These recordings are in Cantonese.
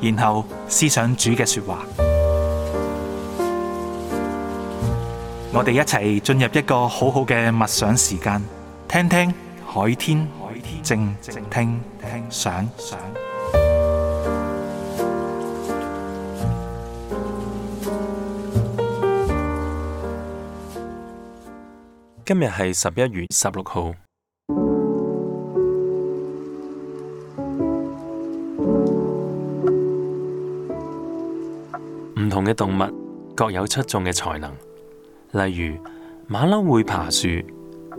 然後思想主嘅說話，我哋一齊進入一個好好嘅默想時間，聽聽海天靜靜聽想。今日係十一月十六號。同嘅動物各有出眾嘅才能，例如馬騮會爬樹，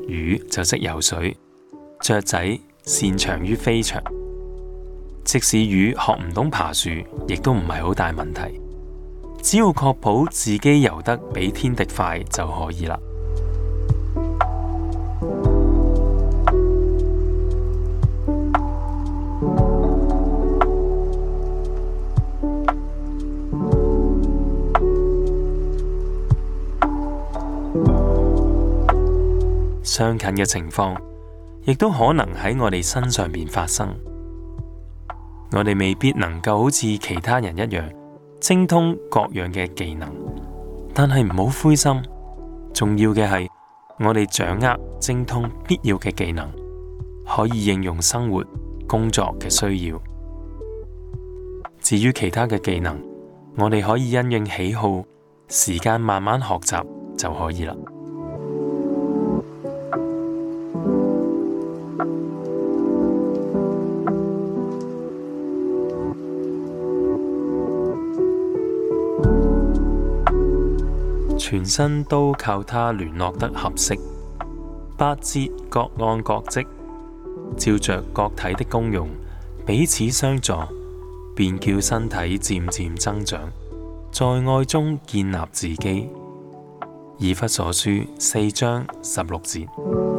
魚就識游水，雀仔擅長於飛翔。即使魚學唔懂爬樹，亦都唔係好大問題，只要確保自己游得比天敵快就可以啦。相近嘅情況，亦都可能喺我哋身上邊發生。我哋未必能夠好似其他人一樣精通各樣嘅技能，但係唔好灰心。重要嘅係，我哋掌握精通必要嘅技能，可以應用生活、工作嘅需要。至於其他嘅技能，我哋可以因應喜好、時間慢慢學習就可以啦。全身都靠他聯絡得合適，百節各按各職，照着各體的功用，彼此相助，便叫身體漸漸增長，在愛中建立自己。以弗所書四章十六節。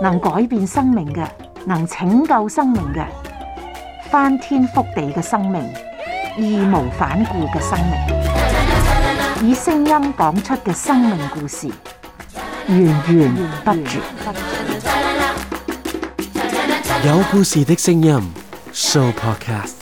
能改變生命嘅，能拯救生命嘅，翻天覆地嘅生命，義無反顧嘅生命，以聲音講出嘅生命故事，源源不絕。有故事的聲音，Sooo Podcast。